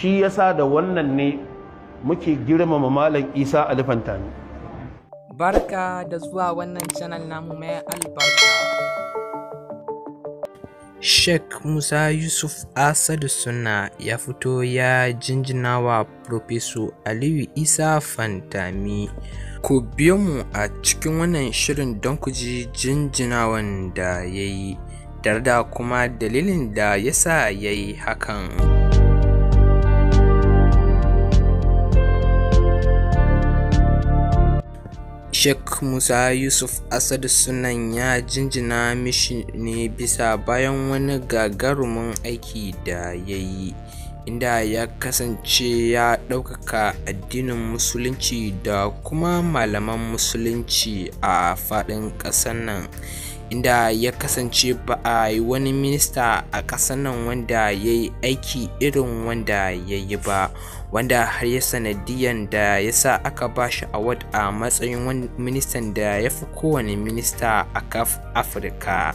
shi yasa da wannan ne muke girmama malam isa ne barka da zuwa wannan channel namu mai albarka Sheikh Musa Yusuf Asadu suna ya fito ya jinjina wa Profeso Aliyu Isa Fantami. Ku biyo mu a cikin wannan shirin don ku ji jinjinawan da ya yi, tare da kuma dalilin da ya sa ya yi hakan. Sheikh Musa Yusuf Asad Sunan ya jinjina mishi ne bisa bayan wani gagarumin aiki da ya yi. inda ya kasance ya ɗaukaka addinin musulunci da kuma malaman musulunci a faɗin ƙasar nan inda ya kasance ba a yi wani minista a ƙasar nan wanda ya yi aiki irin wanda ya yi ba wanda har ya sanadiyan da ya sa aka ba shi award a matsayin ministan da ya fi kowane minista a kaf afirka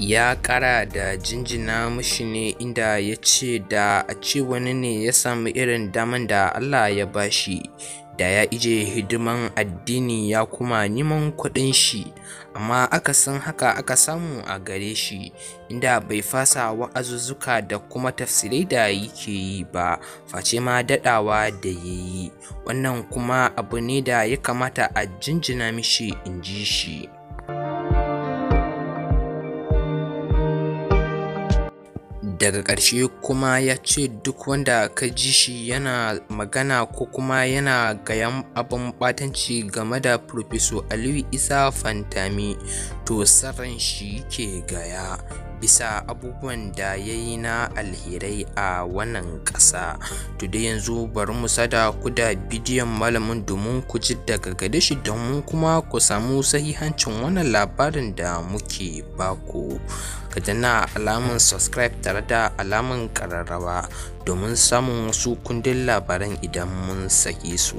ya kara da jinjina mushi ne inda ya ce da a ce wani ne ya samu irin daman da Allah ya bashi da ya ije hidiman addini ya kuma neman kuɗin shi amma aka san haka aka samu a gare shi inda bai fasa wa'azuzzuka da kuma tafsirai da yake yi ba face ma daɗawa da ya yi wannan kuma abu ne da ya kamata a jinjina mishi in ji shi daga ƙarshe kuma ya ce duk wanda ka ji shi yana magana ko kuma yana gayan abin batanci game da Profeso Aliyu Isa Fantami to sarran shi ke gaya bisa abubuwan da ya yi na alherai a wannan ƙasa today yanzu bari mu sada ku da bidiyon malamin domin ku ji daga gare shi domin kuma ku samu sahihancin wannan labarin da muke bako, ka danna alamun subscribe tare da alamun ƙararrawa domin samun wasu kundin labaran idan mun sake su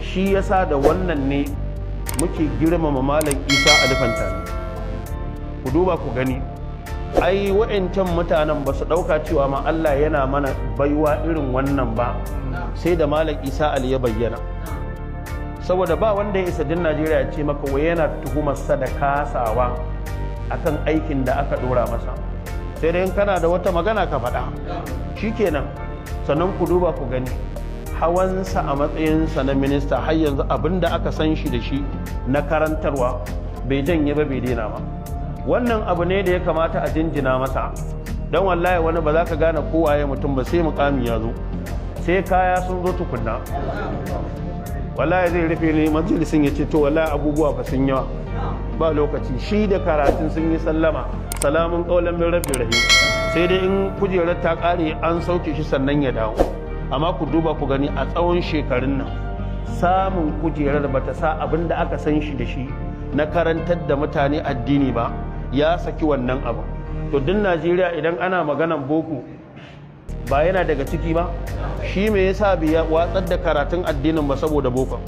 shi yasa da wannan ne muke girmama malam isa alifantani ku duba ku gani ai wa'ancan mutanen ba su ɗauka cewa ma Allah yana mana baiwa irin wannan ba sai da malam isa ali ya bayyana saboda ba wanda ya isa din najeriya ce maka wai yana tuhumar da kasawa akan aikin da aka ɗora masa sai dai kana da wata magana ka faɗa shi kenan sannan ku duba ku gani hawansa a matsayinsa na minista har yanzu abin da aka san shi da shi na karantarwa bai janye ba bai daina ba wannan abu ne da ya kamata a jinjina masa don wallahi wani ba za ka gane kowaye mutum ba sai mukami ya zo sai kaya sun zo tukunna wallahi zai rufe ne majalisin ya ce to wallahi abubuwa fa sun yawa ba lokaci shi da karatun sun yi sallama salamun kaulan min rabbi rahim sai dai in kujerar ta kare an sauke shi sannan ya dawo amma ku duba ku gani a tsawon shekarun nan samun kujerar bata sa abin da aka san shi da shi na karantar da mutane addini ba ya saki wannan abu to din najeriya idan ana maganan boko ba yana daga ciki ba shi me yasa bai watsar da karatun addinin ba saboda boko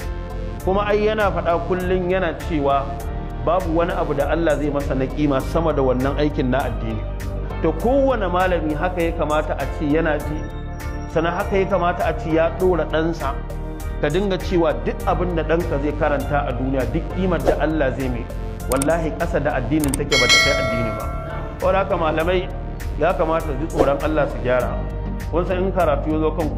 kuma ai yana faɗa kullum yana cewa babu wani abu da Allah zai masa na kima sama da wannan aikin na addini to kowane malami haka ya kamata a ce yana ji sana haka ya kamata a ce ya ɗora ɗansa ka dinga cewa duk abin da ɗanka zai karanta a duniya duk kimar da Allah zai mai wallahi ƙasa da addinin take ba ta kai addini ba ko haka malamai ya kamata su ji tsoron Allah su gyara kun san in karatu ya zo kan